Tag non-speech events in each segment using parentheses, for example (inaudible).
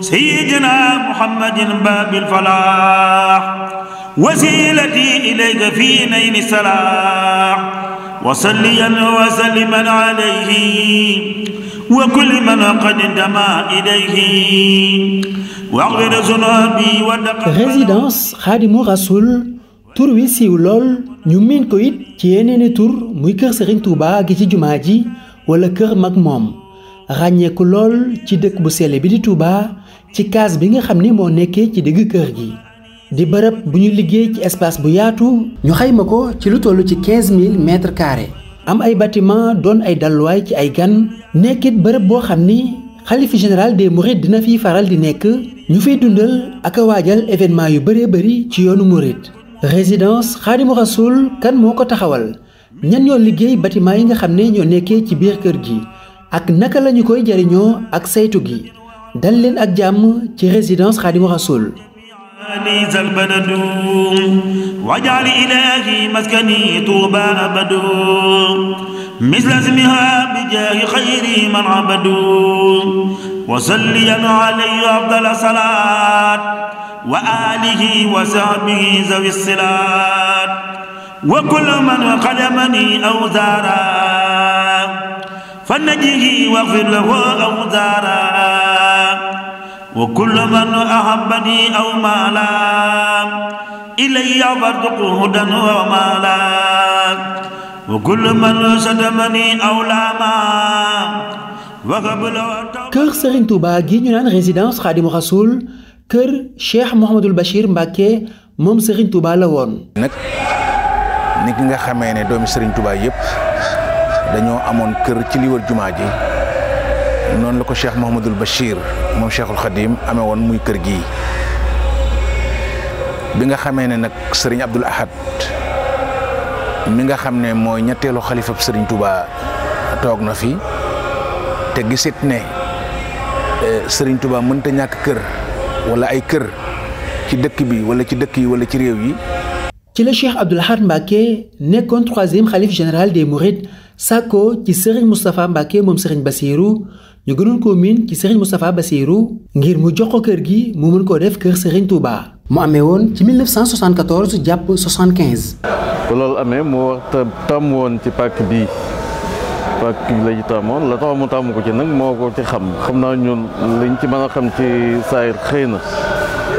سيدنا محمد باب الفلاح وسيلتي إليك في نيل السلاح وصليا وسلما عليه وكل من قد انتمى إليه واغفر ذنوبي résidence Khadimou Rassoul tur wi siiw lool ñu miin ko it ci yeneeni tur muy kër Serigne Touba gi ci jumaa ji wala kër mag moom ràññeeku lool ci dëkk bu sell bi di Touba ci kaas bi nga xam ni moo nekkee ci diggu kër gi di bërëb bu ñu liggéey ci espace bu yaatu ñu xayma ko ci lu toll ci 15000 mètres carrés am ay bâtiment doon ay dalluwaay ci ay gan nekkit bërëb boo xam ni xalifa général de mourides dina fiy faral di nekk ñu fiy dundal ak waajal événement yu bëree bëri ci yoonu murit résidence xaadimu rasul kan moo ko taxawal ñan ñoo liggéey bâtiment yi nga xam ne ñoo nekkee ci biir kër gi ak naka lañu koy jariñoo ak saytu gi dal leen ak jàmm ci résidence Khadimou Rassoul البلد واجعل إلهي مسكني طوبى أبد مثل اسمها بجاه خير من عبد وصليا عليه أفضل الصلاة وآله وصحبه ذوي الصلاة وكل من خدمني أوزارا فنجيه واغفر له أوزارا وكل من أحبني أو مالا إلي برزقه هدى ومالا وكل من صدمني أو لاما kër Serigne gi ñu naan résidence Khadimou Rassoul kër Cheikh Mouhamadul Bachir Mbacke moom Serigne la woon. nag nit ñi nga xamee ne doomi sëriñtubaa Touba dañoo amoon kër ci li wër jumaa ji. noonu la ko cheikh Mouhamadul Bachir moom cheikhul Khadim amee woon muy kër gi bi nga xamee ne nag sëriñ Abdul Ahad mi nga xam ne mooy ñetteelu xalifab sëriñ Touba toog na fi te gisit ne e, sëriñ Touba mënta ñàkk kër wala ay kër ci dëkk bi wala ci dëkk yi wala ci réew yi. ci la cheikh Abdul Ahad Mbacké nekkoon troisième xalif général des Mourides. sàkko ci sëriñ Moustapha Mbacke moom sëriñ Bassirou ñu gënoon koo miin ci Serigne Moustapha Bassirou ngir mu jox ko kër gi mu mën koo def kër Serigne Touba. mu amee woon ci 1974 jàpp 75. bu loolu amee mu wax tàmm woon ci pàkk bi pàkk bi la ñu tàmmoon la tax mu tàmm ko ci nag moo ko ci xam xam naa ñu liñ ci man a xam ci saayir xëy na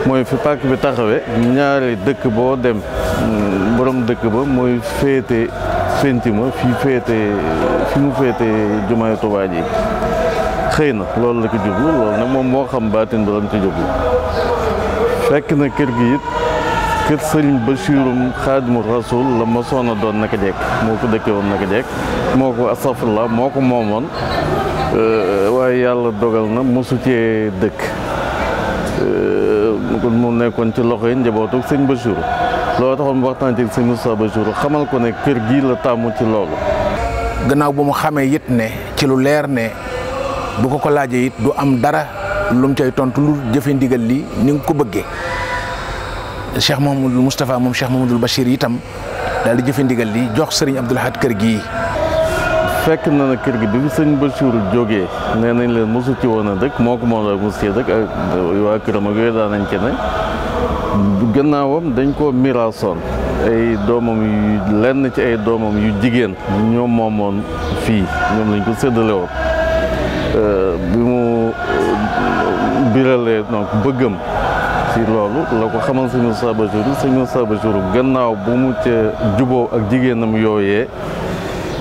mooy fi pàkk bi taxawee ñaari dëkk boo dem mm, borom dëkk ba mooy féete fenti ma fi féete fi mu féete jumaay Touba ji xëy na loolu la ko jublu loolu nag moom moo xam baatin ba la ci jublu fekk na kër gi it kër sëriñ Bachirum Xaadimu Rasul la mosoon a doon naka jekk moo ko dëkke woon naka jekk moo ko astafurlah moo ko moomoon euh, waaye yàlla dogal na mosu cee dëkk euh, kon mu nekkoon ci loxo yi njabootu sëñ Bachir loolu taxoon mu waxtaan ci sëñ Moussa Bachir xamal ko ne kër gi la tàmmu ci loolu. gannaaw ba mu xamee it ne ci lu leer ne bu ko ko laajee it du am dara lum mu tontu lu jëfe ndigal li ni nga ko bëggee Cheikh Mouhamadul Moustapha moom Cheikh Mouhamadul Bachir itam daal di jëfe ndigal li jox sëriñ Abdoul Ahad kër gi fekk na na kër gi bi bi sëñ Bachir jógee nee nañ leen mosu woon a dëkk moo ko moom la mosu cee dëkk ak waa këram ak yooyu daan nañ gannaawam dañ koo miraasoon ay doomam yu lenn ci ay doomam yu jigéen ñoom moomoon fii ñoom lañ ko séddale Euh, bi mu euh, biralee donc bëggam ci loolu la ko xamal sëñ Moussa Bassirou sëñ Moussa Bassirou gannaaw bu mu ca juboo ak jigéenam yooyee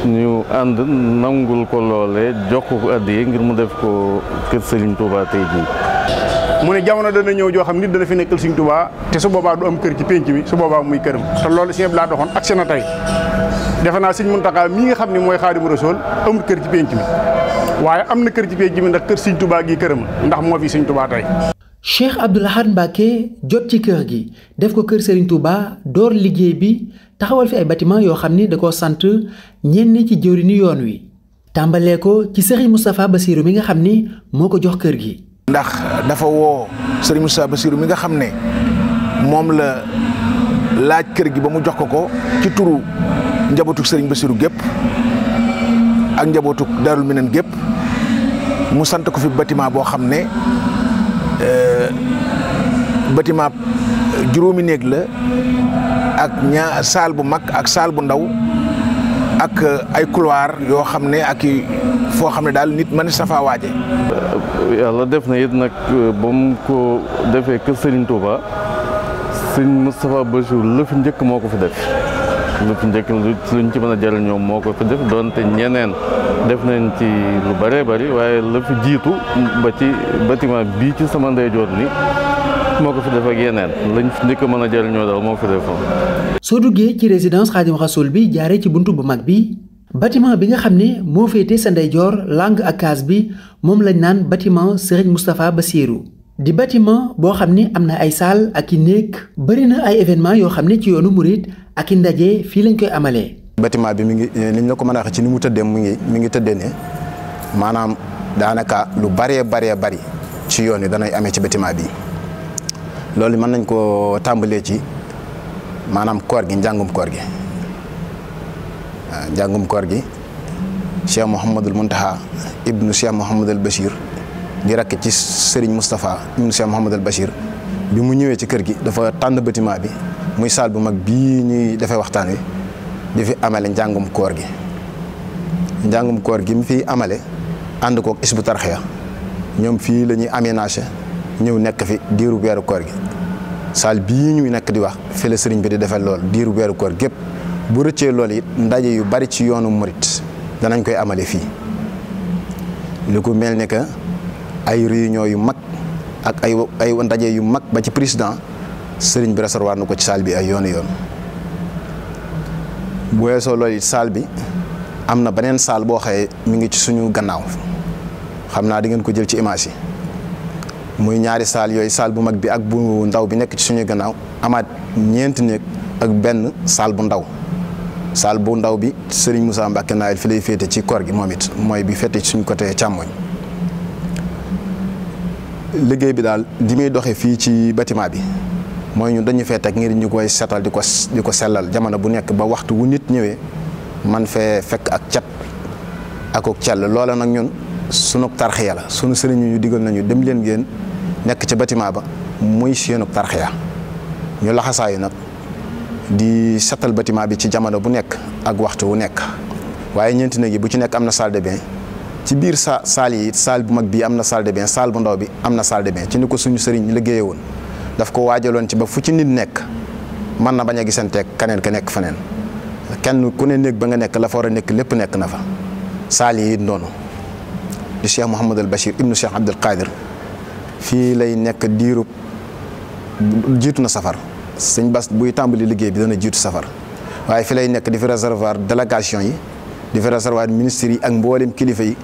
ñu ànd nangul ko loole jox ko addiya ngir mu def ko kër Serigne Touba tey jii mu ne jamono dana ñëw joo xam nit dana fi nekkal Sëriñ Tuubaa te su boobaa du am kër ci pénc bi su boobaa muy këram te loolu Sëriñ Abdou Lahad doxoon ak na tey defe naa Sëriñ Muntaxaa mii nga xam ne mooy Xaadimu Rasuul amul kër ci pénc bi waaye am na kër ci pénc bi ndax kër Sëriñ Tuubaa gi këram ndax moo fi Sëriñ Tuubaa tey Cheikh Abdou Lahad Mbacké jot ci kër gi def ko kër Sëriñ Tuubaa door liggéey bi taxawal fi ay bâtiment yoo xam ni da koo sant ñenn ci jëwriñu yoon wi tàmbalee ko ci Sëriñ Moustapha Bassirou mi nga xam ni moo ko jox kër gi ndax dafa woo sëriñ Moussa Bassirou mi nga xam ne moom la laaj kër gi ba mu jox ko ko ci turu njabootuk sëriñ Bassirou gépp ak njabootuk Daarul Minan gépp mu sant ko fi bâtiment boo xam ne euh, bâtiment juróomi néeg la ak ñaa saal bu mag ak saal bu ndaw ak euh, ay couloir yoo xam ne ak foo xam ne daal nit mën sa faa waaje yàlla def na it nag euh, ba mu ko defee kër Serigne Touba Serigne Moustapha ba la fi njëkk moo ko fi def lu fi njëkk luñ ci mën a ñoom moo ko fi def doonte ñeneen def nañ ci lu bëree bari waaye la jiitu ba ci bâtiment bii ci sama ndeyjoor ni moo ko fi def ak yeneen lañ li ko mën a jëriñoo daal moo fi defoon. soo duggee ci résidence Xaadim Rasoul bi jaaree ci bunt bu mag bi batiment bi nga xam ne moo féetee sa ndeyjoor langue ak kaas bi moom lañ naan batiment bâtiment Serigne ba Bassirou di bâtiment boo xam ne am na ay salle ak i néeg bëri na ay événement yoo xam ne ci yoonu murit ak i ndaje fii lañ koy amalee. batiment bi mi ngi eh, ni ñu la ko mën a waxee ci ni mu tëddee mu ngi mu ngi tëddee ne maanaam daanaka lu baree baree bari ci yoon yi danay amee ci bâtiment bi. loolu mën nañ koo tàmbalee ci maanaam koor gi njàngum koor gi ah, njàngum koor gi Cheikh Mouhamadul Mountakha ibnu Cheikh Mouhamadul Bachir di rakk ci Serigne Moustapha ibnu Cheikh Mouhamadul Bachir bi mu ñëwee ci kër gi dafa tànn bâtiment bi muy salle bu mag bii ñuy defee waxtaan wi di fi amale njàngum koor gi njàngum koor gi mu fiy amale ànd kook Hizbut xeex ñoom fii la ñuy aménagé ñëw nekk fi diiru weeru koor gi saal bii ñuy nekk di wax fi la sëriñ bi di defal lool diiru weeru koor gépp bu rëccee lool it ndaje yu bari ci yoonu murit danañ koy amale fii lu ko mel ni que ay réunion yu mag ak ay ay ndaje yu mag ba ci président sëriñ bi recevoir na ko ci saal bi ay yoonu yoon bu weesoo loolu it saal bi am na beneen saal boo xëyee mi ngi ci suñu gannaaw xam naa di ngeen ko jël ci image yi muy ñaari saal yooyu saal bu mag bi ak bu ndaw bi nekk ci suñu gannaaw amaat ñeenti néeg ak benn saal bu ndaw saal bu ndaw bi sëriñ Serigne Moussa Mbacke Naël fi lay féete ci koor gi moom it mooy bi féete ci suñu côté càmmooñ liggéey bi daal di muy doxee fii ci bâtiment bi mooy ñun dañuy fee teg ngir ñu koy setal di ko sellal jamono bu nekk ba waxtu wu nit ñëwee man fee fekk ak cat ak ak cell loola nag ñun. sunug tarxiya la sunu sëriñ ñu digal nañu dem leen ngeen nekk ca bâtiment ba muy seenug tarxiya laxasaayu nag di setal bâtiment bi ci jamono bu nekk ak waxtu wu nekk waaye ñeenti néeg yi bu ci nekk am na salle de ci biir sa saal yi it mag bii am na salle de bain saal bu bi am na salle de ci ni ko suñu sëriñ liggéeye woon daf ko waajaloon ci ba fu ci nit nekk mën na bañ a gisanteek kaneen ka nekk feneen kenn ku ne néeg ba nga nekk la fa war a nekk lépp nekk na fa saal yi it noonu di cheikh Mouhamadul Bachir ibnu cheikh Abdul Qadir fii lay nekk diirub jiitu na safar sëñ Bas buy tàmbali liggéey bi dana jiitu safar waaye fi lay nekk di fi réservoir délégation yi di fi réservoir ministres yi ak mboolem kilifa yi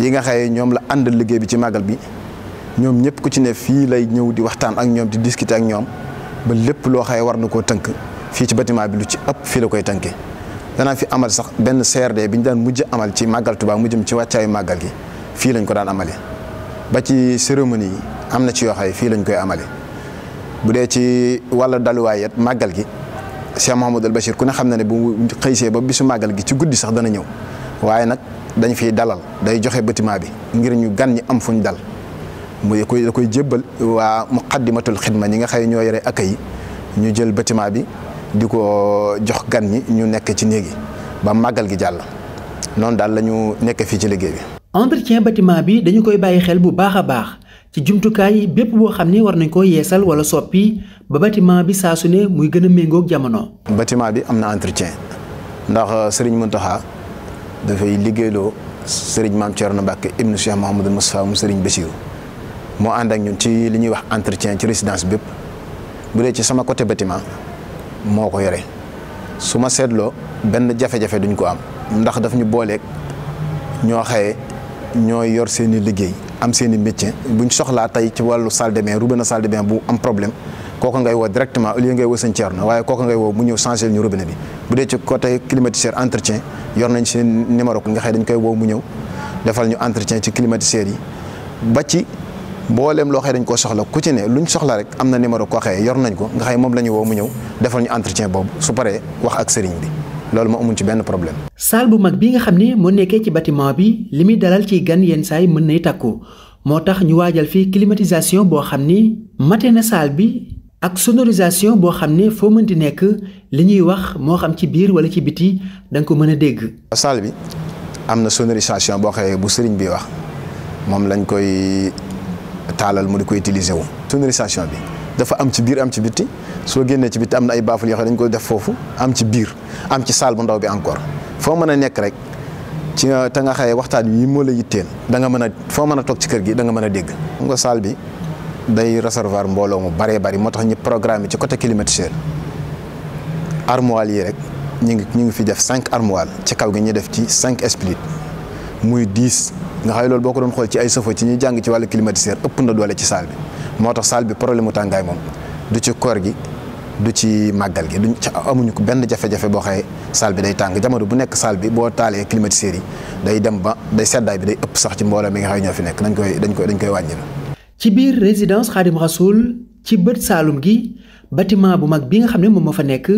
yi nga xayee ñoom la àndal liggéey bi ci màggal bi ñoom ñëpp ku ci ne fii lay ñëw di waxtaan ak ñoom di discuter ak ñoom ba lépp loo xëye war na koo tënk fii ci bâtiment bi lu ci ëpp fii la koy tënkee danaa fi amal sax benn CRD bi ñu daan mujj amal ci màggal Tuubaa mu jëm ci wàccaayu màggal gi fii lañ ko daan amale ba ci cérémonie yi am na ci yoo xam fii lañ koy amale bu dee ci wàllu daluwaay it màggal gi Cheikh Mouhamadul Bachir ku ne xam na ne bu xëysee ba bisu màggal gi ci guddi sax dana ñëw waaye nag dañ fiy dalal day joxe bâtiment bi ngir ñu gan ñi am fuñ dal muy koy da koy jébbal waa muqaddimatul xidma ñi nga xëy ñoo yore ak yi ñu jël bâtiment bi di ko jox gan ñi ñu nekk ci néegi ba màggal gi jàll noonu daal lañu nekk fii ci liggéey bi entretien bâtiment bi dañu koy bàyyi xel bu baax a baax ci jumtukaay bépp boo xam ni war nañ ko yeesal wala soppi ba batiment bi saa su ne muy gën a méngoog jamono. batiment bi am na entretien ndax euh, Serigne Mountakha dafay liggéeyloo Serigne Mame Thierno Mbacke ibnu Cheikh Mouhamadou Moustapha mu Serigne Bassirou moo ànd ak ñun ci li ñuy wax entretien ci résidence bépp bu dee ci sama côté bâtiment moo ko yore su ma seetloo benn jafe-jafe duñ ko am ndax daf ñu booleeg ñoo xaye ñoo yor seen i liggéey am seen i métier buñ soxlaa tey ci wàllu salle de bain robinet salle de bain bu am problème kooku ngay woo directement au lieu ngay woo sëñ Thierno waaye kooku ngay woo mu ñëw changé ñu robinet bi bu dee ci côté climatiseur entretien yor nañ seen numéro nga xëy dañ koy woo mu ñëw defal ñu entretien ci climatiseur yi ba ci mbooleem loo xëy dañ koo soxla ku ci ne soxla rek am na numéro koo yor nañ ko nga xëy moom la ñu woo mu ñëw defal ñu entretien boobu su paree wax ak sëriñ bi loolu moo amuñ ci benn problème. salle bu mag bi nga xam ne moo nekkee ci bâtiment bi li muy dalal ciy gan yenn saay mën nay takku moo tax ñu waajal fii climatisation boo xam ni mate na salle bi ak sonorisation boo xam ne foo mën mënti nekk li ñuy wax moo xam ci biir wala ci biti da ko mën a dégg. salle bi am na sonorisation boo xoolee bu sëriñ bi wax moom lañ koy taalal mu di ko utiliser wu sonorisation bi. dafa am ci biir am ci bitti soo génnee ci bitti am na ay baaful yoo xam dañ koy def foofu am ci biir am ci saal bu ndaw bi encore foo mën a nekk rek ci euh, te nga xayee waxtaan wi moo la yitteen da nga mën a foo mën a toog ci kër gi danga mën a dégg. xam nga saal bi day réservoir mbooloo mu baree bari moo tax ñu programme ci côté climatiseur armoire yi rek ñu ngi ñu ngi fi def cinq armoire ci kaw gi ñu def ci cinq split muy dix nga xay loolu boo ko doon xool ci ay sofo ci ñuy jàng ci wàllu climatiseur na doole ci saal bi. moo tax saal bi problème mu tàngaay moom du ci koor gi du ci màggal gi duñ ca amuñu ko benn jafe-jafe boo xëyee saal bi day tàng jamono bu nekk saal bi boo taalee climatiseur yi day dem ba day seddaay bi day ëpp sax ci mbooloo mi nga xëy ñoo fi nekk dañ koy dañ koy dañ koy wàññil. ci biir résidence Khadim Rasoul ci bët saalum gi bâtiment bu mag bi nga xam ne moom ma fa nekk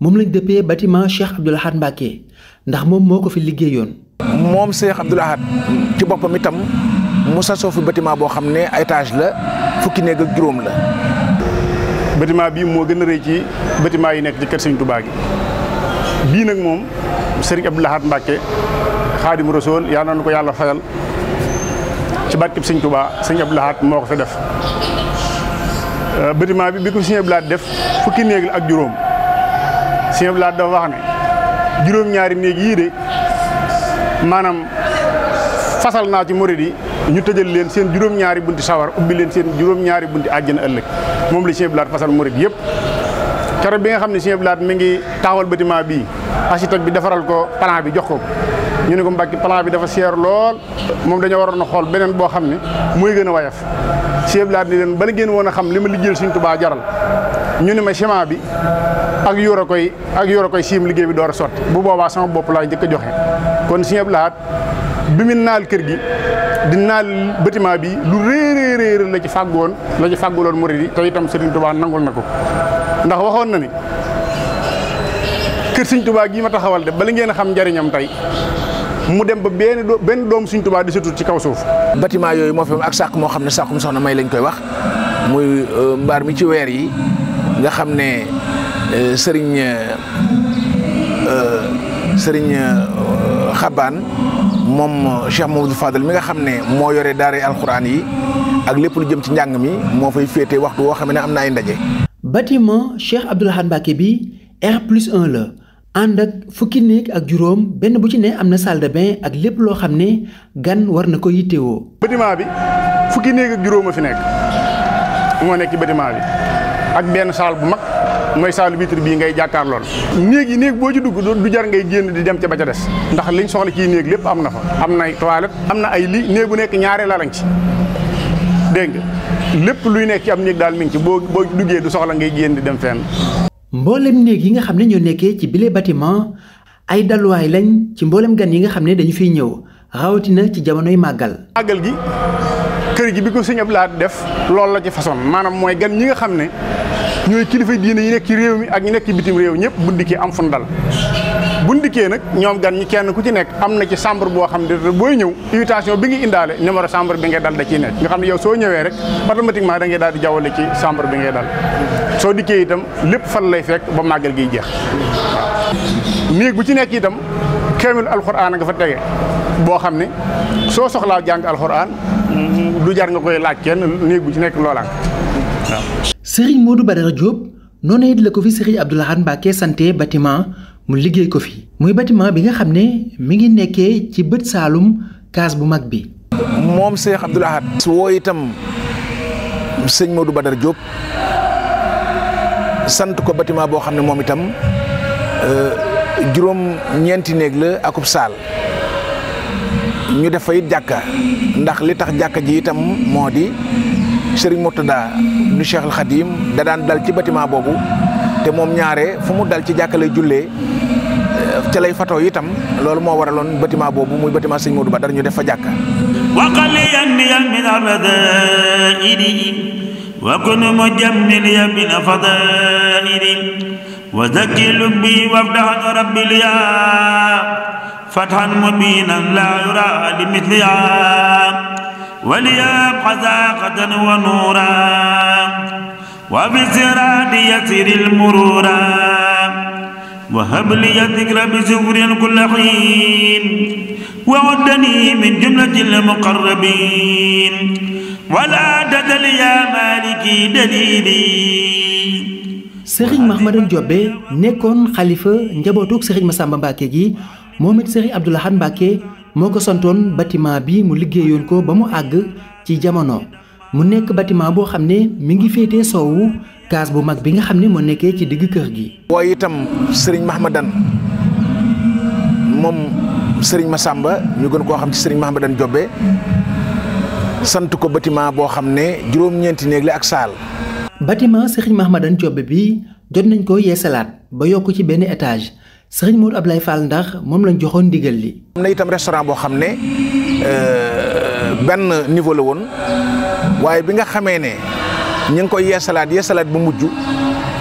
moom lañ dëppee bâtiment Cheikh Abdoul Ahad Mbacké ndax moom moo ko fi yoon moom Cheikh Abdoul ci boppam itam mu sasoo fi bâtiment boo xam ne étage la. fukki néeg ak juróom la. bâtiment bii moo gën a rëy ci bâtiment yi nekk ci kër Sëriñ Tuubaa gi bii nag moom Serigne Abdou Lahad Mbacke Xaadim Rasuul yaa na ko yàlla fayal ci barkeb Sëriñ Tuubaa Serigne Abdou Lahad moo ko fi def. Euh, bâtiment bi bi ko Serigne Abdou Lahad def fukki néeg la ak juróom Serigne Abdou Lahad dafa wax ne juróom-ñaari néeg yii de maanaam. fasal naa ci murid yi ñu tëjal leen seen juróom-ñaari bunti sawar ubbi leen seen juróom-ñaari bunti àjjana ëllëg moom li Sëñ Blaat fasal murid yëpp keroog bi nga xam ne Sëñ Blaat mi ngi taxawal bâtiment bii architecte bi defaral ko plan bi jox ko ñu ne ko mbàkki plan bi dafa seer lool moom dañoo waroon a xool beneen boo xam ne muy gën a wayaf Sëñ Blaat ni leen bala génn woon a xam li ma liggéeyal Sëñ Tuubaa jaral ñu ne ma ciment bi ak yor a koy ak yor a koy liggéey bi door a sotti bu boobaa sama bopp laa njëkk a bi mu naal kër gi di naal bâtiment bii lu réer la ci fàggoon la ci fàgguloon murid yi te itam Serigne Touba nangul na ko ndax waxoon na ni kër Serigne Touba gii ma taxawal de bala ngeen a xam njariñam tey mu dem ba benn doom suñ Touba di sutut ci kaw suuf. bâtiment yooyu moo fi ak sàkk moo xam ne sàkkum soxna may lañ koy wax muy euh, mbaar mi ci weer yi nga xam ne euh, Serigne euh, Serigne Xabaan. moom Cheikh Mamadou Fadal mi nga xam ne moo yore daare alxuraan yi ak lépp lu jëm ci njàng mi moo fay féete waxtu woo xam ne am na ay ndaje. bâtiment Cheikh Abdoul Ahad Mbacké bi R plus 1 la ànd ak fukki néeg ak juróom benn bu ci ne am na salle de bain ak lépp loo xam ne gan war na ko yittewoo. bâtiment bi fukki néeg ak juróom a fi nekk moo nekk ci bâtiment bi ak benn salle bu mag. mooy saalu vitre bii ngay jàkkaar lool néeg yi néeg boo ci dugg du jar ngay génn di dem ca ba ca des ndax liñ soxla ci néeg lépp am na fa am na toilette am na ay lii néeg bu nekk ñaaree lalañ ci nga lépp luy nekk ci am néeg daal mi ci boo boo duggee du soxla ngay génn di dem fenn. mboolem néeg yi nga xam ne ñoo nekkee ci bile bâtiment ay dalluwaay lañ ci mboolem gan yi nga xam ne dañu fiy ñëw rawatina ci jamonoy màggal. màggal gi kër gi bi ko sëñ Abdou Lahad def loolu la ci façon maanaam mooy gan ñi nga xam ne. ñooy kilifa diine yi nekk ci réew mi ak ñu nekk ci bitim réew ñëpp bu ndikkee am fu dal bu ndikkee nag ñoom gan ñi kenn ku ci nekk am na ci chambre boo xam ne booy ñëw invitation bi ngi indaale numéro chambre bi ngay dal da nekk nga xam ne yow soo ñëwee rek automatiquement da ngay daal di jawwale ci chambre bi ngay dal soo dikkee itam lépp fan lay fekk ba màggal gi jeex waaw néeg bu ci nekk tam kéemil alxuraan nga fa tege boo xam ne soo soxlaa jàng alxuraan du jar nga koy laaj kenn néeg bu ci nekk loolaan waaw sëriñ Modou Badara jóob noonu it la ko fi sëriñ Abdou Lahad kee santé bâtiment mu liggéey ko fi muy bâtiment bi nga xam ne mu ngi nekkee ci bët saalum kaas bu mag bi moom Cheikh Abdou Lahad woo itam sëñ Modou Badara Diop sant ko bâtiment boo xam ne moom itam euh, juróom ñeenti néeg la akub saal ñu def fa jàkka ndax li tax jàkka ji itam moo di Serigne Mourtada du Cheikh al Khadim da dal ci bâtiment boobu te moom ñaare fu mu dal ci jàkka lay jullee euh, ca lay fatoo itam loolu moo waraloon bâtiment boobu muy bâtiment Serigne Modou Ba dara ñu def fa jàkka وكن مجمليا من فضائل وزكي لبي وافتح ربي ليا فتحا مبينا لا يرى لمثلها ولياب حذاقة ونورا وبسراد يسر المرورا وهب لي ذكر بسفر كل حين وعدني من جملة المقربين ولا تدل يا مالكي دليلي sëriñ Mahmadan Jobbe nekkoon xalifa njabootug sëriñ Masamba Mbàkke gi moom it sëriñ Abdoulahan Mbàkke moo ko santoon batiment bi mu liggéeyoon ko ba mu àgg ci jamono mu nekk batiment boo xam ne mi ngi féetee soowu kaas bu mag bi nga xam ne moo nekkee ci digg kër gi. waaye itam sëriñ Mahmadan moom sëriñ ma sàmba ñu gën koo xam ci sëriñ Mahmadan Jobbe sant ko batiment boo xam ne juróom-ñeenti néeg la ak saal. bâtiment sëriñ Mahmadan Jobbe bi jot nañ ko yeesalaat ba yokk ci benn étage. sëriñ Modou Ablaye Fall ndax moom lañ joxoon ndigal li. am na itam restaurant boo xam ne euh, benn niveau la woon waaye bi nga xamee ne ñu ngi koy yeesalaat yeesalaat bu mujj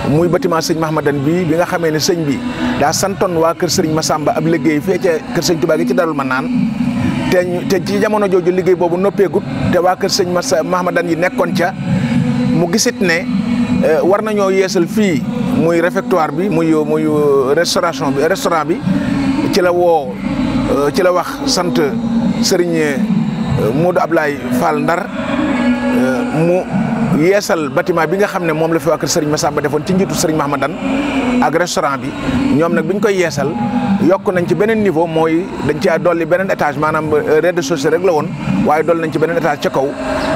muy bâtiment sëñ Mahamadan bi bi nga xamee ne sëñ bi daa santoon waa kër sëriñ Massamba ab liggéey fee ca kër sëñ Touba gi ci Darou Manane te te ci jamono jooju liggéey boobu noppeegut te waa kër sëñ ma Mahamadan yi nekkoon ca mu gisit ne euh, war nañoo yeesal fii. muy réfectoire bi muy muy euh, restauration bi restaurant bi ci la woo euh, ci la wax sant Serigne euh, Modou Ablaye Fall Ndar mu. yeesal bâtiment bi nga xam ne moom la fi waa kër Serigne Massamba defoon ci njiitu Serigne Mahamadan ak bi ñoom nag bi ñu koy yeesal yokk nañ ci beneen niveau mooy dañ ci dolli beneen étage maanaam euh, rez-de-chaussée rek la woon waaye dolli nañ ci beneen étage ca kaw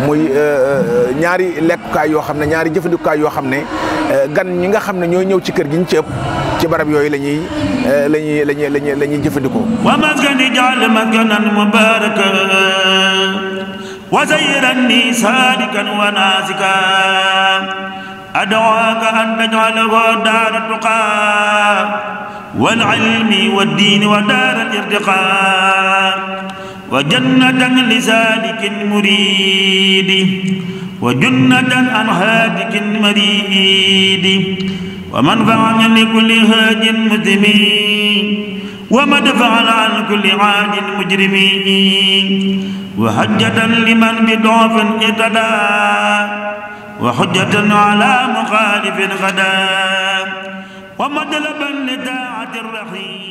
muy euh, euh, ñaari lekkukaay yoo xam ne ñaari jëfandikukaay yoo xam ne gan ñi nga xam ne ñooy ñëw ci kër gi ñu ci ci barab yooyu la ñuy la ñuy la ñuy la ñuy jëfandikoo. وزيرني سالكا وناسكا أدعوك أن تجعله دار التقى والعلم والدين ودار الارتقاء وجنة لسالك مريد وجنة عن هادك مريد ومنفعا لكل هاد مذنب ومن فعل عن كل عاد مجرمين وحجة لمن بضعف اقتدى وحجة على مخالف غدا ومدلبا لطاعة الرحيم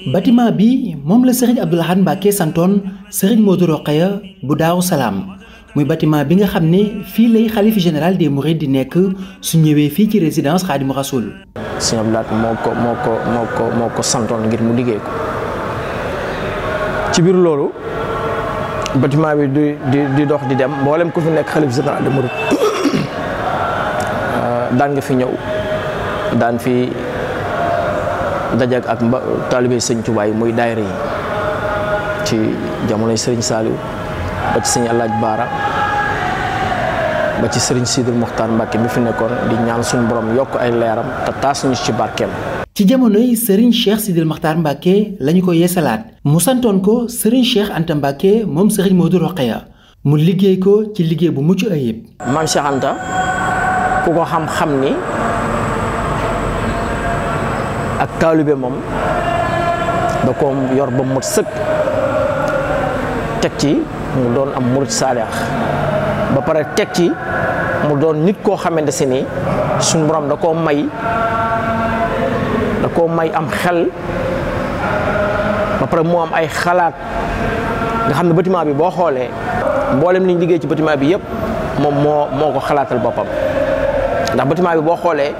bâtiment bi moom la sëriñ Abdoul Ahad Mbacké santoon sëriñ Modou Rokhaya bu Daaru Salaam muy batiment bi nga xam ne fii lay xalif général des Mourides di nekk su ñëwee fii ci résidence Khadimou Rassoul. sëñ Abdou Lahat moo ko moo ko moo ko moo ko santoon ngir mu liggéey ko ci biir loolu batiment bi di di dox di dem mbooleem ko fi nekk xalif général des Mourides (coughs) daan nga fi ñëw daan fi dajak ak mba taalibe sëñ Tuubaa yi muy daayira yi ci jamonoy sëriñ Saliou. ba ci sëñ Alaaji ci sëriñ Sidil Muxtaar Mbàkke mi fi nekkoon di ñaan suñu borom yokk ay leeram te taas ñu ci barkeem ci jamonoy sëriñ Cheikh Sidil Muxtaar Mbàkke lañu ko yeesalaat mu santoon ko sëriñ Cheikh Anta Mbàkke moom sëriñ Modou Rokhaya mu liggéey ko ci liggéey bu mucc ayib maam Cheikh Anta ku ko xam-xam ni ak taalibe moom da ko yor ba mot sëkk teg ci mu doon am murid saaleex ba pare teg ci mu doon nit koo xamante si ni suñu borom da koo may da koo may am xel ba pare mu am ay xalaat nga xam ne bâtiment bi boo xoolee mboolem ni liggéey ci bâtiment bi yëpp moom moo moo ko xalaatal boppam ndax bâtiment bi boo xoolee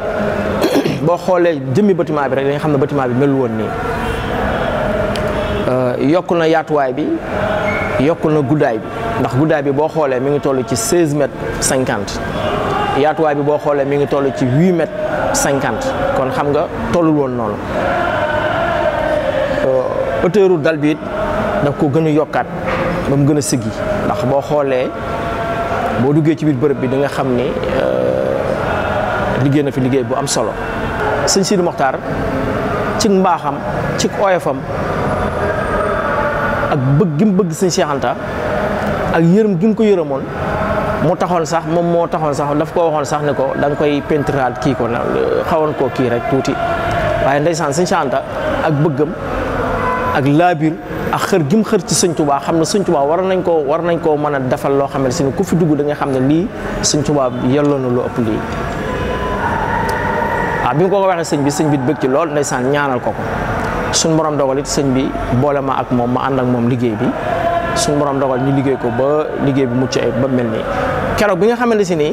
(clears throat) boo xoolee jëmmi bâtiment bi rek dañ xam ne bâtiment bi melul woon nii Euh, yokk na yaatuwaay bi yokkul na guddaay bi ndax guddaay bi boo xoolee mi ngi toll ci 16 mètres 50 yaatuwaay bi boo xoolee mi ngi toll ci 8 mètres 50 kon xam nga tollul woon noonu euh, auteuru dal bi it daf ko gën a yokkaat ba mu gën a siggi ndax boo xoolee boo duggee ci biir bërëb bi di nga xam ni euh, liggéey na fi liggéey bu am solo sëñ Sidi Mokhtar ci mbaaxam ci oyofam ak bëgg gi bëgg sëñ Cheikh ak yërëm gi ko yërëmoon mu taxoon sax moom moo taxoon sax daf ko waxoon sax ne ko danga koy peintural kii ko na xawoon koo kii rek tuuti waaye ndeysaan sëñ Cheikh ak bëggam ak laabir ak xër gi xër ci sëñ Tuubaa xam ne sëñ Tuubaa war nañ koo war nañ koo mën a defal loo xam ne ku fi dugg da xam ne lii sëñ Tuubaa yelloo na lu ëpp lii waaw bi mu ko ko waxee sëñ bi sëñ bi bëgg ci lool ndeysaan ñaanal ko ko suñ borom dogal it sëñ bi boole ma ak moom ma ànd ak moom liggéey bi suñ borom dogal ñu liggéey ko ba liggéey bi mucc ay ba mel nii keroog bi nga xamante si nii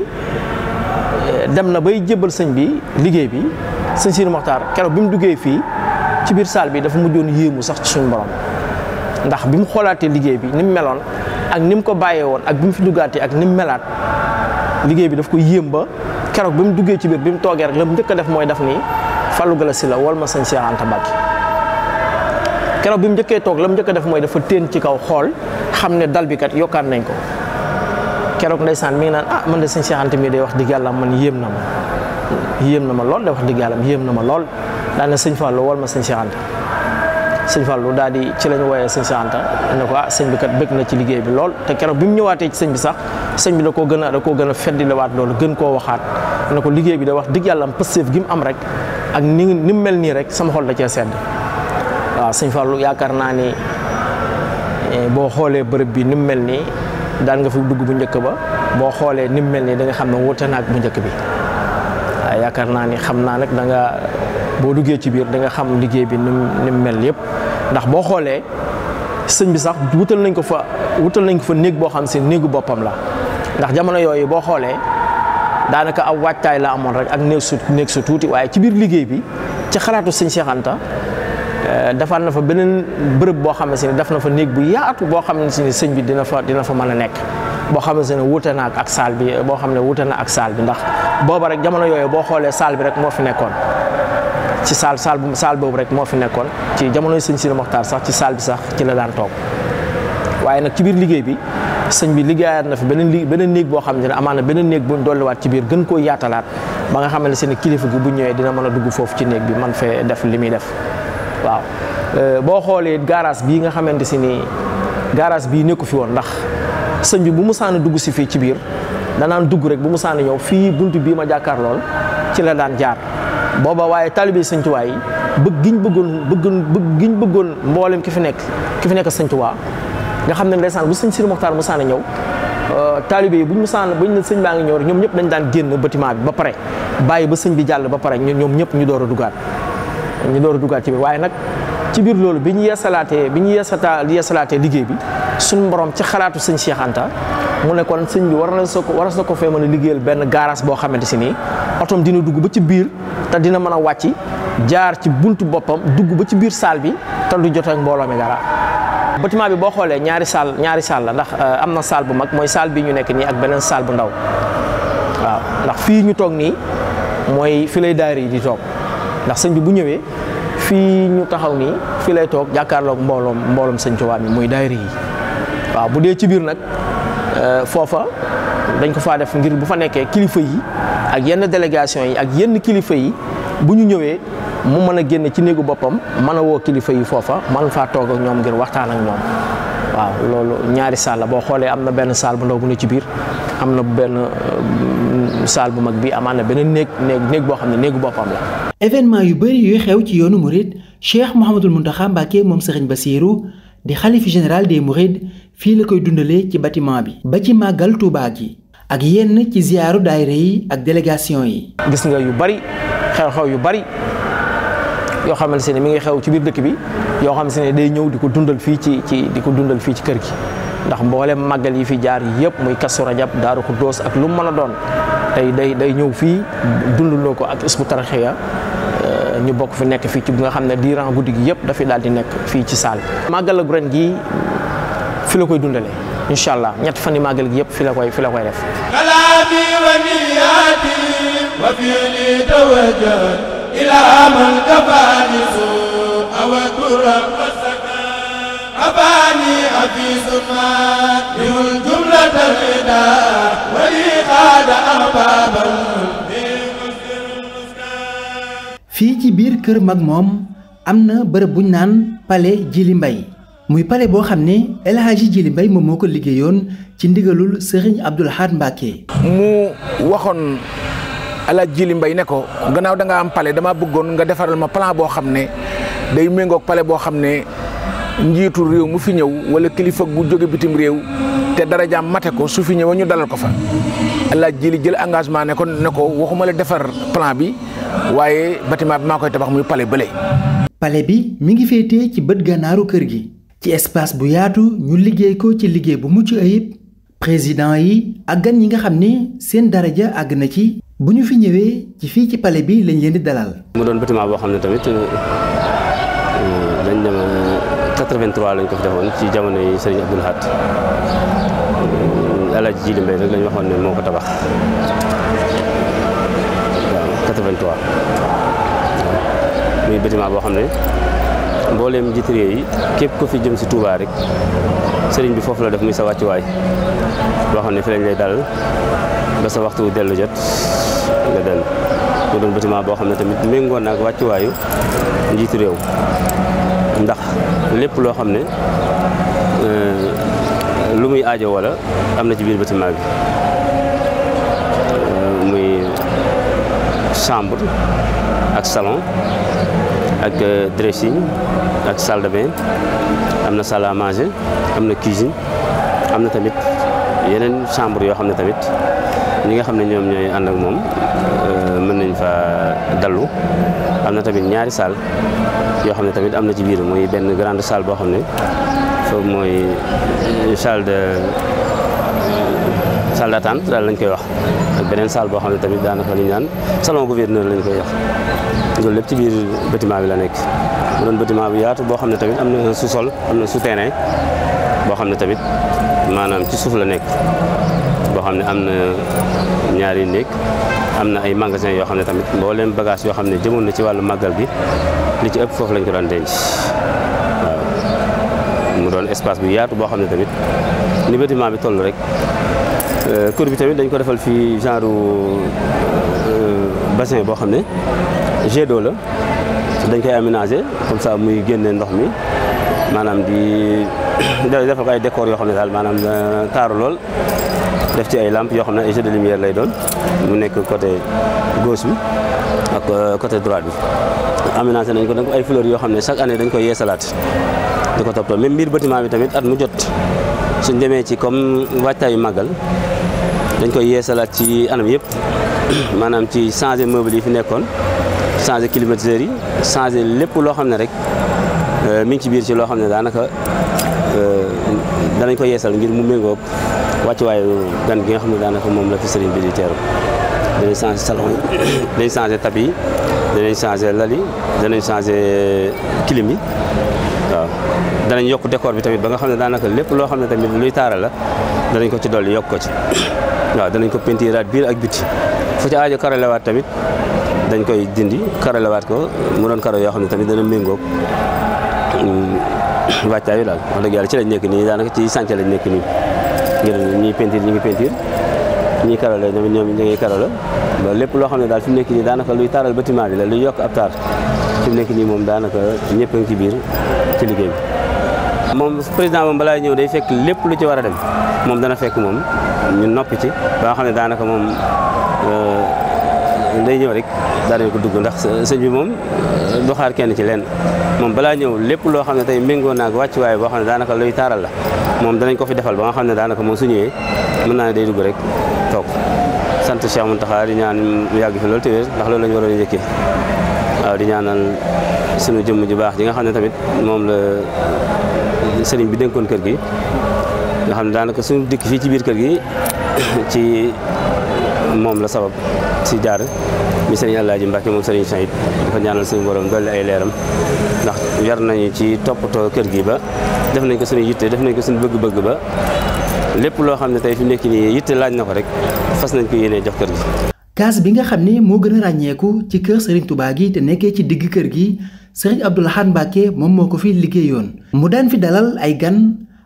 eh, dem na bay jébbal sëñ bi liggéey bi sëñ Sidi Moxtaar bi mu duggee fii ci biir saal bi dafa mujjoon yéemu sax ci suñ borom ndax bi mu xoolaatee liggéey bi ni mu meloon ak ni mu ko bàyyee woon ak bi mu fi duggaatee ak ni mu melaat liggéey bi daf ko yéem ba keroog bi mu duggee ci biir bi mu toogee rek la mu njëkk a def mooy def nii Fallou Galass la wal ma sëñ Cheikh Anta Mbacke keroog bi mu njëkkee toog la mu njëkk a def mooy dafa téen ci kaw xool xam ne dal bi kat yokkaat nañ ko keroog ndeysaan mi ngi naan ah man de sëñ Cheikh mii day wax dëgg yàlla yéem na ma na ma lool de wax dëgg yàlla yéem na ma lool daal sëñ Fallou wol ma sëñ sëñ Fallou daal di ci lañu wooyee sëñ Cheikh Anta ne ko ah sëñ bi kat bëgg na ci liggéey bi lool te keroog bi mu ñëwaatee ci sëñ bi sax sëñ bi da koo gën a da koo gën a feddilewaat loolu gën koo waxaat na ko liggéey bi da wax dëgg yàlla am pësteef gi mu am rek ak ni ni mu mel nii rek sama xol la cee sedd waaw sëñ Fallou yaakaar naa ni eh, boo xoolee bërëb bi ni mu mel nii daan nga fi dugg bu njëkk ba boo xoolee ni mu mel nii da nga xam ne wuute na ak bu njëkk bi waaw yaakaar naa ni xam naa nag danga boo duggee ci biir da nga xam liggéey bi ni mu mel yëpp ndax boo xoolee sëñ bi sax wutal nañ ko fa wutal nañ ko fa néeg boo xam si néegu boppam la ndax jamono yooyu boo xoolee daanaka aw waajtaay la amoon rek ak néeg su néeg su tuuti waaye ci biir liggéey bi ci xalaatu sëñ Cheikh Euh, defal na fa beneen bërëb boo xam ne si def na fa néeg bu yaatu boo xam ne si ne sëñ bi dina fa dina fa man a nekk boo xam ne wuute na ak saal bi boo xam ne wuute na ak saal bi ndax booba rek jamono yooyu boo xoolee saal bi rek moo fi nekkoon ci saal saal bu saal boobu moo fi nekkoon ci jamonoy sëñ Sidi Moxtaar sax ci saal bi sax ci la daan toog waaye nag ci biir liggéey bi sëñ bi liggéeyaat na fi beneen li beneen néeg boo xam ne amaan na beneen néeg buñ dolliwaat ci biir gën koo yaatalaat ba nga xam ne seen kilifa gi bu ñëwee dina mën a dugg foofu ci néeg bi man fee def li muy def waaw euh, boo xoolee garage bii nga xamante si ni garage bii nekku fi woon ndax sëñ bi bu mu saan dugg si fii ci biir danaan dugg rek bu mu saan ñëw fii bunt bii ma jàkkaar lool ci la daan jaar booba waaye talibe sëñ Tuubaa bëgg giñ bëggoon bëggoon bëgg giñ bëggoon mboolem ki fi nekk ki fi nekk sëñ Tuubaa nga xam ne ndeysaan bu sëñ Sidi Moxtaar mu saan ñëw euh, taalibe yi buñ mu saan buñ ne sëñ baa ngi ñëw rek ñoom ñëpp dañ daan génn bâtiment bi ba pare bàyyi ba sëñ bi jàll ba pare ñoom ñëpp ñu door a dugaat ñu door a duggaat ci biir waaye nag ci biir loolu bi ñu yeesalaatee bi ñu yeesataa yeesalaatee liggéey bi suñu borom ci xalaatu sëñ Cheikh Anta mu ne kon sëñ bi war na sa ko war ko fee mën a liggéeyal benn garage boo xamante si nii otom dina dugg ba ci biir te dina mën a wàcc jaar ci bunt boppam dugg ba ci biir saal bi te du jot ak mbooloo mi dara. bâtiment bi boo xoolee ñaari salle ñaari salle la ndax euh, am na salle bu mag mooy salle bi ñu nekk nii ak beneen salle bu ndaw waaw ndax fii ñu toog nii mooy fi lay daari di toog ndax sëñ bi ñëwee. fii ñu taxaw nii fii lay toog jàkkaarloog mbooloom mbooloom sëñ Tuubaa mi muy daayira yi waaw bu dee ci biir nag euh, foofa dañ ko faa def ngir bu fa nekkee kilifa yi ak yenn délégation yi ak yenn kilifa yi bu ñu ñëwee mu mën a génn ci néegu boppam mën a woo kilifa yi foofa mën faa toog ak ñoom ngir waxtaan ak ñoom waaw loolu ñaari saal la boo xoolee am na benn saal bu ndaw bu ne ci biir am na benn euh, saal bu mag bii amaan na beneen néeg néeg néeg boo xam ne néegu boppam la événement yu bari yuy xew ci yoonu murid Cheikh Mouhamadul Mountakha Mbacké moom Serigne Bassirou di xalif général des mourides fii la koy dundalee ci batiment bi ba ci màggal Tuubaa yi ak yenn ci ziyaaru daayira yi ak délégation yi gis nga yu bari xew-xew yu bari yoo xamante se ne mi ngi xew ci biir dëkk bi yoo xam se ne day ñëw di ko dundal fii ci ci di ko dundal fii ci kër gi ndax mboolem màggal yi fi jaar yëpp muy Kazu Rajab Daaru Xudoos ak lu mën a doon day day ñëw fii dunduloo ko ak isbu tarxiya euh, ñu bokk fi nekk fii ci bi nga xam ne diiran guddi gi yëpp dafay daal di nekk fii ci saal màggal ak ren gi fi la koy dundale incha allah ñett fan yi màggal gi yëpp fi a koy fi la koy def fii ci biir kër mag moom am na bërëb buñ naan pale Djily mbay muy palais boo xam ne El Hadji mbay Mbaye moom moo ko liggéeyoon ci ndigalul Serigne Abdoul Ahad Mbacké mu waxoon El Hadji mbay Mbaye ne ko gannaaw danga am pale dama bëggoon nga defaral ma plan boo xam ne day méngoog pale boo xam ne njiitu réew mu fi ñëw wala kilifa gu jóge bitim réew te dara jaam mate ko su fi ñëwee ñu dalal ko fa allah jili jël engagement ne ko ko waxuma la defar plan bi waaye bâtiment bi maa koy tabax muy palais bële. palais bi mi ngi féetee ci bët gànnaaru kër gi. ci espace bu yaatu ñu liggéey ko ci liggéey bu mucc ayib président yi ak gan yi nga xam ni seen daraja àgg na ci. bu ñu fi ñëwee ci fii ci pale bi lañ leen di dalal. mu doon bâtiment boo xam ne tamit euh, dañ dem 83 lañ ko fi defoon ci jamono yi Serigne Abdoul Ahad El Hadj Djily Mbaye nag la waxoon ne moo ko tabax waaw 83 muy bâtiment boo xam ne mbooleem njiitu réew yi képp ku fi jëm si tuubaa rek sëriñ bi foofu la def muy sa wàccuwaay boo xam ne fi lañ lay dal ba sa waxtu dellu jot nga dellu mu doon bâtiment boo xam ne tamit méngoon na ak wàccuwaayu njiitu réew ndax lépp loo xam ne. Euh, lu muy aajo wala am na ci biir bâtiment bi euh, muy chambre ak salon ak euh, dressing ak salle de bain am na salle à am na cuisine am na tamit yeneen chambre yoo xam ne tamit ñi nga xam ne ñoom ñooy ànd ak moom euh, mën nañ fa dallu am na tamit ñaari salle yoo xam ne tamit am na ci biir muy benn grande salle boo xam ne foofu mooy euh, salle de salle d'attente daal lañ koy wax ak beneen salle boo xam ne tamit daanaka li ñu naan salon gouverneur lañ koy wax loolu lépp ci biir bâtiment bi la nekk mu doon bâtiment yaatu boo xam ne tamit am na su sol am na su souterrain boo xam ne tamit maanaam ci suuf la nekk boo xam ne am na ñaari néeg am na ay magasin yoo xam ne tamit mbooleen bagage yoo xam ne jëmoon na ci wàllu màggal bi li ci ëpp foofu lañ ko doon denc mu doon espace bu yaatu boo xam ne tamit ni bâtiment bi rek euh, cour bi tamit dañ ko defal fii genre euh, bassin boo xam ne jet dañ koy aménager comme ça muy génne ndox mi maanaam di (coughs) defal ko ay décor yoo xam ne daal maanaam euh, taaru lool def ci ay lampes yoo xam ne ay jeux de lumière lay doon mu nekk côté gauche bi ak côté droite bi aménagé nañ ko donc ay fleurs yoo xam ne chaque année dañ koy yeesalaat di ko toppatoo même biir bâtiment bi tamit at mu jot demee ci comme waajtaayu màggal dañ koy yeesalaat ci anam yëpp (clears throat) maanaam ci changer meuble yi fi nekkoon changer climatiseur yi changer lépp loo xam ne rek euh, mi ngi ci biir ci loo xam ne daanaka euh, danañ ko yeesal ngir mu wàcc wàccuwaayu gan gi nga xam ne daanaka moom la fi sëriñ bi di teeru danañ changer salon yi (clears throat) danañ changer danañ changer lal yi danañ changer clim yi danañ yokk décor bi tamit ba nga xam ne daanaka lépp loo xam ne tamit luy taaral la danañ ko ci dolli yokk ko ci waaw danañ ko pentiiraat biir ak biti fu ci aajo karalewaat tamit dañ koy dindi karalewaat ko mu doon karo yoo xam ne tamit dana méngoog mm, (coughs) wàccaay yu daal wax dëgg yàlla ci lañ nekk nii daanaka ci sànce lañ nekk nii ngir ñuy pentiir ñu ngi pentiir ñuy karole ñoom ñoom ñi ngi karole ba lépp loo xam ne daal fi mu nekk nii daanaka luy taaral bâtiment bi la luy yokk ab taar fi mu nekk nii moom daanaka ñëpp a ngi ci biir ci liggéey bi moom président moom balaa ñëw day fekk lépp lu ci war a dem moom dana fekk moom ñu noppi ci ba nga xam ne daanaka moom euh, day ñëw rek daanañ ko dugg ndax sëñ bi moom euh, du kenn ci lenn moom balaa ñëw lépp loo xam ne tey méngoo naag wàccuwaay boo xam ne daanaka luy taaral moom danañ ko fi defal ba nga xam ne daanaka moom su ñëwee mën naa ne day dugg rek toog sant Cheikh Mountakha di ñaan mu yàgg fi loolu te wér ndax loolu la ñu waroon a njëkkee waaw di ñaanal sunu jëmm ju baax ji nga xam ne tamit moom la sëriñ bi dénkoon kër gi nga xam ne daanaka suñu dikk fii ci biir kër gi (coughs) ci moom la sabab si jaar mi sëriñ Alaaji Mbàkke moom sëriñ Sayid dafa ñaanal suñu borom dolli ay leeram ndax yar nañu ci toppatoo kër gi ba def nañ ko suñu yitte def nañ ko suñu bëgg-bëgg ba lépp loo xam ne tey fi nekk nii yitte laaj na ko rek fas nañ ko yéenee jox kër gi kaas bi nga xam ne moo gën a ràññeeku ci kër Serigne Touba gi te nekkee ci diggu kër gi Serigne Abdou Lahad Mbacké moom moo ko fi liggéeyoon. mu daan fi dalal ay gan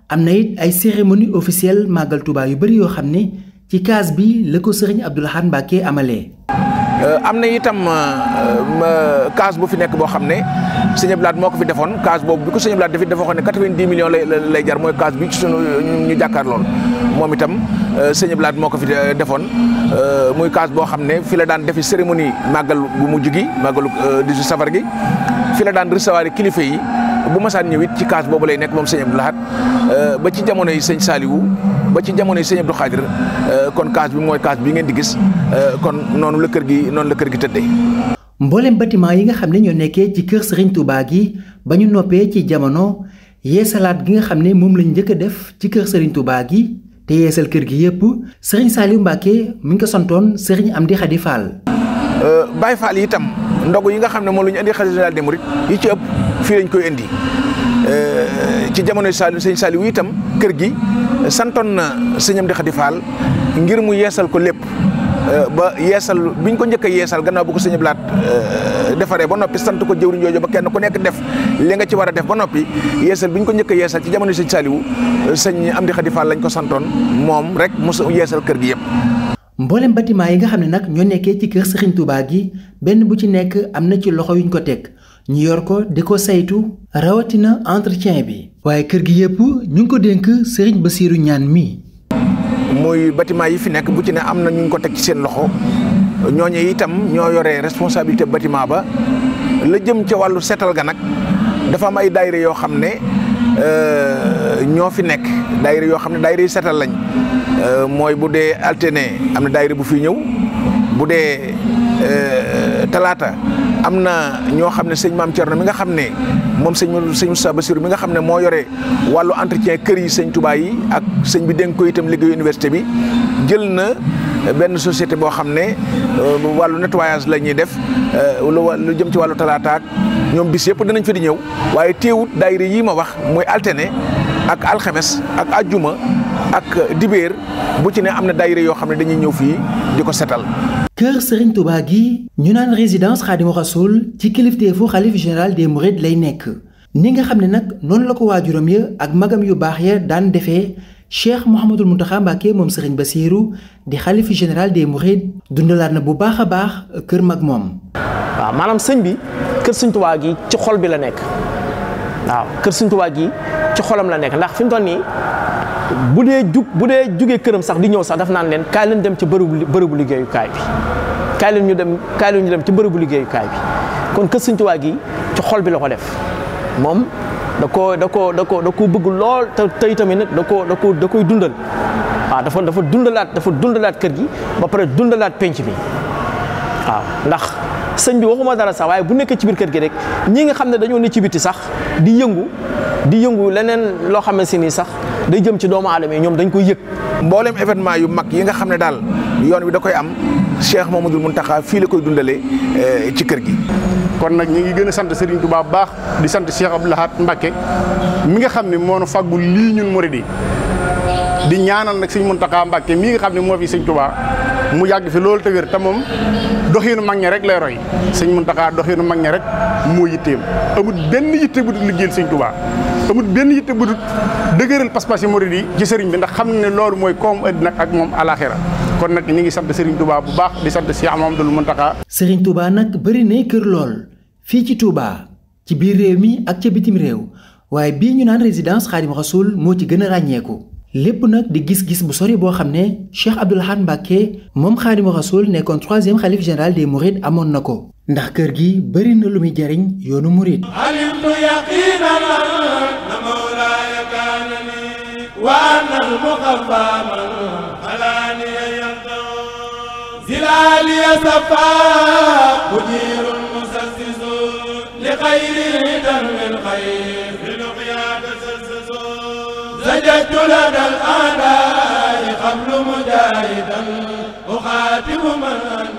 am na it ay cérémonie officielle màggal tubaab yu bari yoo xam ne ci kaas bi la ko Serigne Abdou Lahad Mbacké amalee. Euh, am na itam euh, case bu fi nekk boo xam ne sëñ Abdoulaye moo ko fi defoon case boobu bi ko sëñ Abdoulaye dafit dafa ne quatre-vingt-dix millions lay lay jar mooy case bi ci sunu ñu jàkkaar lool moom itam euh, sëñ laat moo ko fi defoon muy case boo xam ne fi la daan defi cérémonie màggal bu mujj gi màggalu 18 safar gi fi la daan recevoir kilifa yi bu masaan ñëw it ci case boobu lay nekk moom sëñ Abdoulaye ba ci jamono yi sëñ Saliou ba ci jamono yi sëñ Abdou Khadir euh, kon kaas bi mooy kaas bi ngeen di gis euh, kon noonu la kër gi noonu la kër gi tëddee. mboolem bâtiment yi nga xam ne ñoo nekkee ci kër Serigne Touba gi ba ñu noppee ci jamono yeesalaat gi nga xam ne moom lañ njëkk a def ci kër Serigne Touba gi te yeesal kër gi yëpp Serigne Saliou Mbacké mi ngi ko santoon am di Khady Fall. Euh, Baye Fall yi itam ndogu yi nga xam ne moom la ñu indi xasida daal de murit yi ci ëpp. fii lañ koy indi eh, ci jamonoy Saliou sëñ itam kër gi santoon na sëñ Amdi Xadi ngir mu yeesal ko lépp eh, ba yeesal biñ ko njëkk a yeesal bu ko sëñ eh, defaree ba noppi sant ko jëwriñ jooju ba kenn ku nekk def li nga ci war a def ba noppi yeesal bi ñu ko njëkk yeesal ci jamono sëñ Saliou sëñ Amdi Xadi Faal lañ ko santoon moom rek mu yeesal kër gi yëpp. mboolem bâtiment yi nga xam ne nag ñoo nekkee ci kër Serigne Touba gi benn bu ci nekk am na ci loxo yuñ ko teg. ñu yor ko di ko saytu rawatina entretien bi waaye kër gi yëpp ñu ngi ko dénk Serigne Bassirou Niane mii mooy bâtiment yi fi nekk bu ci ne am na ñu ngi ko teg ci seen loxo ñooñu itam ñoo yore responsabilité batiment ba la jëm ca wàllu setal ga nag dafa am ay daayira yoo xam ne euh, ñoo fi nekk daayira yoo xam ne daayira yu seetal lañ euh, mooy bu dee alterné am na daayira bu fi ñëw bu dee euh, talaata am na ñoo xam ne sëñ maam na mi nga xam ne moom sëñ sëñ Moussa Bassirou mi nga xam ne moo yore wàllu entretien kër yi sëñ Touba yi ak sëñ bi dénk ko itam liggéeyu université bi jël na benn société boo xam ne euh, wàllu nettoyage la ñuy def euh, lu jëm ci wàllu talaataak ñoom bis yëpp dinañ fi di ñëw waaye téewut daayira yi ma wax muy alterné ak alxames ak ajjuma ak dibéer bu ci ne am na daayira yoo xam ne dañuy ñëw fii di ko setal kër Serigne Touba gi ñu naan résidence Khadimou Rassoul ci kilifteefu xalif général de Mourides lay nekk ni nga xam ne nag noonu la ko waajuram ya ak magam yu baax ya daan defee cheikh Mouhamadul Mountakha Mbacké moom ba Bassirou di xalif général de Mourides dundalaat na bu baax a baax kër mag moom. waaw maanaam sëñ bi kër Serigne Touba gi ci xol bi la nekk waaw kër Serigne Touba gi ci xolam la nekk ndax fi mu bu dee jug bu dee jugee këram sax di ñëw sax daf naan leen kaay leen dem ci bërëbu bërëbu liggéeyukaay bi kaay leen ñu dem kaay ñu dem ci bërëbu liggéeyukaay bi kon kër Sëñ gi ci xol bi la ko def moom da ko da ko da koo da koo bëgg lool te tey tamit nag da koo da da koy dundal waaw dafa dafa dundalaat dafa dundalaat kër gi ba pare dundalaat penc bi waaw ndax. sëñ bi waxuma dara sax waaye bu nekkee ci kër gi rek ñi nga xam ne dañoo ne ci biti sax di yëngu di yëngu leneen loo xam xamante ni sax day jëm ci doomu aadama ñoom dañ koy yëg. mboolem événement yu mag yi nga xam ne daal yoon wi da koy am Cheikh mun Mountakha fii la koy dundalee eh, ci kër gi. kon nag ñi ngi gën a sant Serigne Touba baax di sant Cheikh Abdou Lahad Mbacké mi nga xam ne moo nu fàggul lii ñun murid yi di ñaanal nag sëñ Mountakha Mbacké mii nga xam ne moo fi sëñ Touba. mu yàgg fi loolu te wér te moom doxiinu mag ñi rek lay roy sëñ Muntaxa doxiinu mag ñi rek moo yitteem amul benn yitte bu dul liggéeyal sëñ Tuubaa amul benn yitte bu dul dëgëral pas-pas yi murid yi ci sëriñ bi ndax xam ne loolu mooy koom ëdd nag ak moom alaxira kon nag ñi ngi sant Serigne Touba bu baax di sant Cheikh Mamadou Mountakha. Serigne Touba nag bëri na kër lool fii ci Touba ci biir réew mi ak ca bitim réew waaye bii ñu naan résidence Xaadim Rasul moo ci gën a ràññeeku. lépp nag di gis-gis bu sori boo xam ne Cheikh Abdoul Ahad Mbacké moom Xaadimu Rasuul nekkoon troisième xalif général des Mourides amoon na ko ndax kër gi bëri na lu muy jariñ yoonu Mouride. alimtu yaqinan na mawlaaya kaana ni wa anna al-muxaffa man alaaniya yarda zilaaliya safa mujiirun musassis li xayri dan min xayr شددت لدى الأعداء قبل مجاهدا أخاتم من